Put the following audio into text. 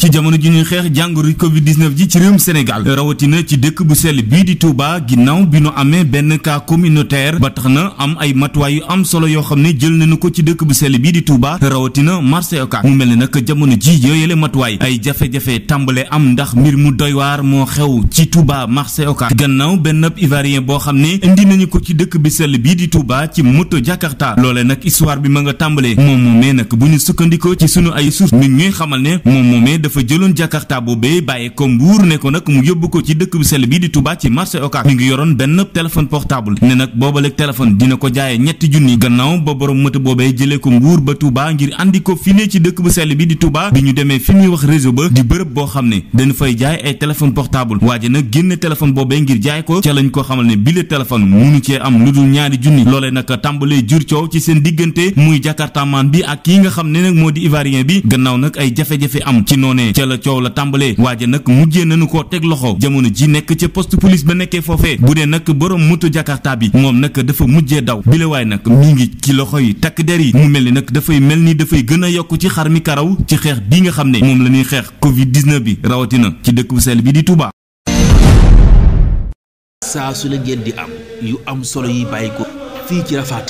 ci jamono ji ñuy xeex jàngoro covid 19 ji ci réewum Sénégal rawatina ci dëkk bu sell bii di Touba ginnaaw bi nu amee benn cas communautaire ba tax na am ay matuwaay yu am solo yoo xam ne jël nañu ko ci dëkk bu sell bii di Touba rawatina marché Ocass mu mel ne nag jamono ji yooyele matuwaay ay jafe-jafe tàmbale am ndax mbir mu doy moo xew ci Touba marché Ocass gannaaw benn ivoirien boo xam ne indi nañu ko ci dëkk bu sell bii di Touba ci moto Jakarta loole nag histoire bi ma nga tàmbalee dafa jëloon jakarta boobee bàyyee ko mbuur ne ko nag mu yóbbu ko ci dëkk bu sell bi di Touba ci marché Ocass ngi yoroon benn téléphone portable ne nag boobaleeg téléphone dina ko jaayee ñetti junni gannaaw ba borom moto boobee jëlee ko mbuur ba Touba ko file ci dëkk bi di Touba bi ñu fi ñuy wax réseau ba di bërëb boo xam ne dañu fay jaay ay téléphone portable waaje nag génn téléphone boobee ngir jaay ko ca lañ ko xamal ne bile téléphone munu cee am lu dul ñaari junni loolee nag tàmbalee jur coow ci seen diggante muy bi ak kii nga xam ne nag moo di ivoirien bi gannaaw nag ay jafe-jafe am ci noonu ne ca la coow la tàmbalee waaja nag mujjee nañu koo teg loxo jamono ji nekk ca poste police ba nekkee foofee bu dee nag borom moto jakarta bi moom nag dafa mujjee daw bilewaay nag mi ngi ci loxo yi takk der yi mu mel ni nag dafay mel ni dafay gën a yokk ci xar mi karaw ci xeex bi nga xam ne moom la ñuy xeex covid 19 bi rawatina ci dëkk bu sell bi di Touba. saa su la ngeen di am yu am solo yi bàyyi ko fii ci Rafah